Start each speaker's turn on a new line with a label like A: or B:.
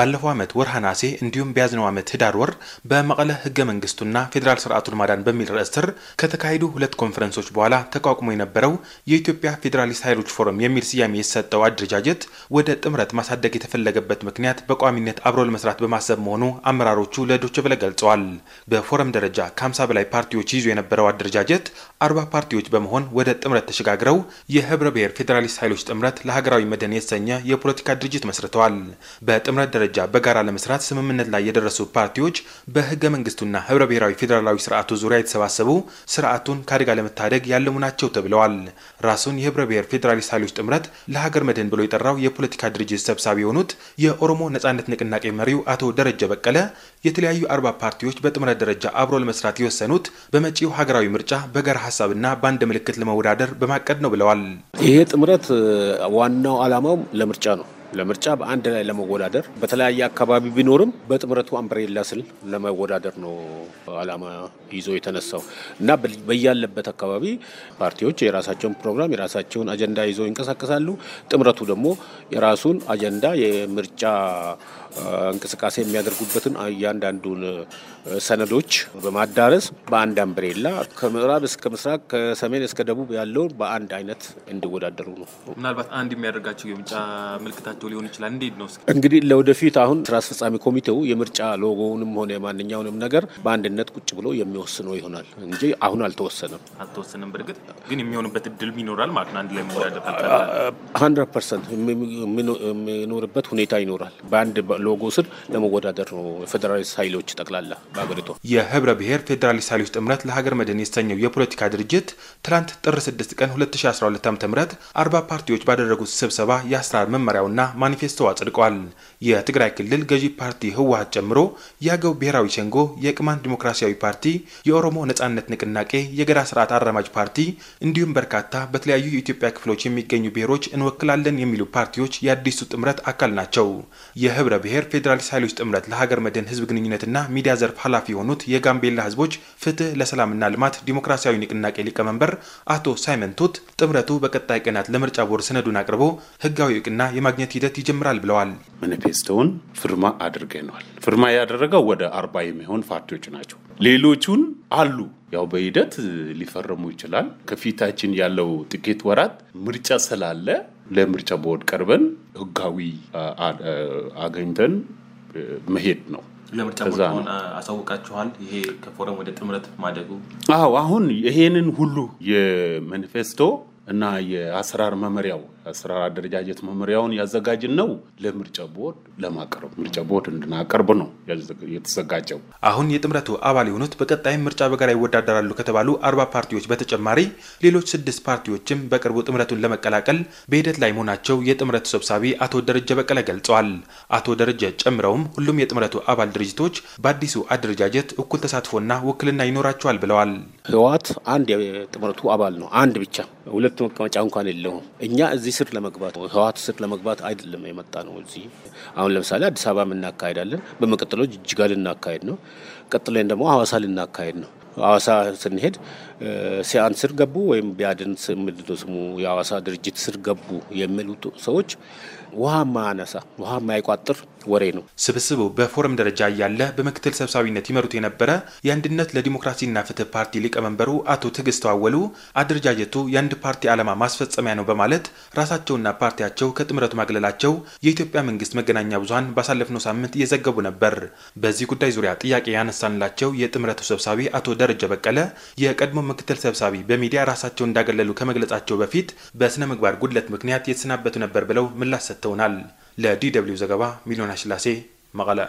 A: ባለፈው ዓመት ወርሃ ነሐሴ እንዲሁም በያዝነው ዓመት ህዳር ወር በመቀለ ህገ መንግስቱና ፌዴራል ስርዓቱን ማዳን በሚል ርዕስ ስር ከተካሄዱ ሁለት ኮንፈረንሶች በኋላ ተቋቁሞ የነበረው የኢትዮጵያ ፌዴራሊስት ኃይሎች ፎረም የሚል ስያሜ የተሰጠው አደረጃጀት ወደ ጥምረት ማሳደግ የተፈለገበት ምክንያት በቋሚነት አብሮ ለመስራት በማሰብ መሆኑ አመራሮቹ ለዶች ብለ ገልጸዋል። በፎረም ደረጃ ከ50 በላይ ፓርቲዎች ይዞ የነበረው አደረጃጀት አርባ ፓርቲዎች በመሆን ወደ ጥምረት ተሸጋግረው የህብረ ብሔር ፌዴራሊስት ኃይሎች ጥምረት ለሀገራዊ መድን የተሰኘ የፖለቲካ ድርጅት መስርተዋል። በጥምረት ደረጃ ደረጃ በጋራ ለመስራት ስምምነት ላይ የደረሱ ፓርቲዎች በህገ መንግስቱና ህብረ ብሔራዊ ፌዴራላዊ ስርዓቱ ዙሪያ የተሰባሰቡ ስርዓቱን ከአደጋ ለመታደግ ያለሙ ናቸው ተብለዋል። ራሱን የህብረ ብሔር ፌዴራሊስት ኃይሎች ጥምረት ለሀገር መድህን ብሎ የጠራው የፖለቲካ ድርጅት ሰብሳቢ የሆኑት የኦሮሞ ነጻነት ንቅናቄ መሪው አቶ ደረጀ በቀለ የተለያዩ አርባ ፓርቲዎች በጥምረት ደረጃ አብሮ ለመስራት የወሰኑት በመጪው ሀገራዊ ምርጫ በጋራ ሀሳብና በአንድ ምልክት ለመወዳደር በማቀድ ነው ብለዋል። ይሄ ጥምረት ዋናው ዓላማው ለምርጫ ነው። ለምርጫ በአንድ ላይ ለመወዳደር
B: በተለያየ አካባቢ ቢኖርም በጥምረቱ አምብሬላ ስል ለመወዳደር ነው አላማ ይዞ የተነሳው እና በያለበት አካባቢ ፓርቲዎች የራሳቸውን ፕሮግራም የራሳቸውን አጀንዳ ይዘው ይንቀሳቀሳሉ። ጥምረቱ ደግሞ የራሱን አጀንዳ የምርጫ እንቅስቃሴ የሚያደርጉበትን እያንዳንዱን ሰነዶች በማዳረስ በአንድ አምብሬላ ከምዕራብ እስከ ምስራቅ ከሰሜን እስከ ደቡብ ያለውን በአንድ አይነት እንዲወዳደሩ ነው።
A: ምናልባት አንድ የሚያደርጋቸው የምርጫ ምልክታቸው መጥቶ ሊሆን ይችላል። እንዴት ነው እስኪ
B: እንግዲህ ለወደፊት አሁን ስራ አስፈጻሚ ኮሚቴው የምርጫ ሎጎውንም ሆነ ማንኛውንም ነገር በአንድነት ቁጭ ብሎ የሚወስነው ይሆናል እንጂ አሁን አልተወሰነም
A: አልተወሰነም። በእርግጥ ግን የሚሆንበት እድል ይኖራል ማለት ነው። አንድ ላይ መወዳደር
B: ሀንድረድ ፐርሰንት የሚኖርበት ሁኔታ ይኖራል። በአንድ
A: ሎጎ ስር ለመወዳደር ነው የፌዴራሊስት ኃይሎች ጠቅላላ በሀገሪቷ የህብረ ብሔር ፌዴራሊስት ኃይሎች ጥምረት ለሀገር መድን የተሰኘው የፖለቲካ ድርጅት ትላንት ጥር 6 ቀን 2012 ዓ ም አርባ ፓርቲዎች ባደረጉት ስብሰባ የአሰራር መመሪያውና ማኒፌስቶ አጽድቋል። የትግራይ ክልል ገዢ ፓርቲ ህወሀት ጨምሮ የአገው ብሔራዊ ሸንጎ፣ የቅማንት ዲሞክራሲያዊ ፓርቲ፣ የኦሮሞ ነጻነት ንቅናቄ፣ የገዳ ስርዓት አራማጅ ፓርቲ እንዲሁም በርካታ በተለያዩ የኢትዮጵያ ክፍሎች የሚገኙ ብሔሮች እንወክላለን የሚሉ ፓርቲዎች የአዲሱ ጥምረት አካል ናቸው። የህብረ ብሔር ፌዴራሊስት ኃይሎች ጥምረት ለሀገር መድን ህዝብ ግንኙነትና ሚዲያ ዘርፍ ኃላፊ የሆኑት የጋምቤላ ህዝቦች ፍትህ ለሰላምና ልማት ዲሞክራሲያዊ ንቅናቄ ሊቀመንበር አቶ ሳይመን ቱት ጥምረቱ በቀጣይ ቀናት ለምርጫ ቦርድ ሰነዱን አቅርቦ ህጋዊ እውቅና የማግኘት ሂደት ይጀምራል ብለዋል። ማኒፌስቶውን ፍርማ አድርገነዋል። ፍርማ ያደረገው ወደ አርባ የሚሆን ፓርቲዎች ናቸው።
C: ሌሎቹን አሉ ያው በሂደት ሊፈርሙ ይችላል። ከፊታችን ያለው ጥቂት ወራት ምርጫ ስላለ ለምርጫ ቦርድ ቀርበን ህጋዊ አገኝተን መሄድ ነው። ለምርጫ ቦርድ አሁን
A: አሳውቃችኋል። ይሄ ከፎረም ወደ ጥምረት ማደጉ
C: አዎ፣ አሁን ይሄንን ሁሉ የማኒፌስቶ እና የአሰራር መመሪያው ስራ አደረጃጀት መመሪያውን ያዘጋጅን ነው ለምርጫ ቦርድ ለማቅረብ ምርጫ ቦርድ እንድናቀርብ ነው የተዘጋጀው።
A: አሁን የጥምረቱ አባል የሆኑት በቀጣይም ምርጫ በጋራ ይወዳደራሉ ከተባሉ አርባ ፓርቲዎች በተጨማሪ ሌሎች ስድስት ፓርቲዎችም በቅርቡ ጥምረቱን ለመቀላቀል በሂደት ላይ መሆናቸው የጥምረቱ ሰብሳቢ አቶ ደረጀ በቀለ ገልጸዋል። አቶ ደረጀ ጨምረውም ሁሉም የጥምረቱ አባል ድርጅቶች በአዲሱ አደረጃጀት እኩል ተሳትፎና ውክልና ይኖራቸዋል ብለዋል። ህወሓት አንድ የጥምረቱ አባል ነው። አንድ ብቻ ሁለት መቀመጫ እንኳን የለውም።
B: እኛ እዚህ እዚህ ስር ለመግባት ህወሓት ስር ለመግባት አይደለም የመጣ ነው። እዚህ አሁን ለምሳሌ አዲስ አበባ እናካሄዳለን። በመቀጠለው ጅጅጋ ልናካሄድ ነው። ቀጥለን ደግሞ ሀዋሳ ልናካሄድ ነው። ሀዋሳ ስንሄድ ሲያን ስር ገቡ ወይም ቢያድን ምንድነው ስሙ የአዋሳ
A: ድርጅት ስር ገቡ የሚሉ ሰዎች ውሃ ማያነሳ ውሃ ማይቋጥር ወሬ ነው። ስብስቡ በፎረም ደረጃ እያለ በምክትል ሰብሳቢነት ይመሩት የነበረ የአንድነት ለዲሞክራሲና ፍትህ ፓርቲ ሊቀመንበሩ አቶ ትዕግስት ተዋወሉ አደረጃጀቱ የአንድ ፓርቲ ዓላማ ማስፈጸሚያ ነው በማለት ራሳቸውና ፓርቲያቸው ከጥምረቱ ማግለላቸው የኢትዮጵያ መንግስት መገናኛ ብዙሀን ባሳለፍነው ሳምንት እየዘገቡ ነበር። በዚህ ጉዳይ ዙሪያ ጥያቄ ያነሳንላቸው የጥምረቱ ሰብሳቢ አቶ ደረጀ በቀለ የቀድሞ ምክትል ሰብሳቢ በሚዲያ ራሳቸው እንዳገለሉ ከመግለጻቸው በፊት በስነ ምግባር ጉድለት ምክንያት የተሰናበቱ ነበር ብለው ምላሽ ሰጥተውናል። ለዲ ደብልዩ ዘገባ ሚሊዮን አሽላሴ መቀለ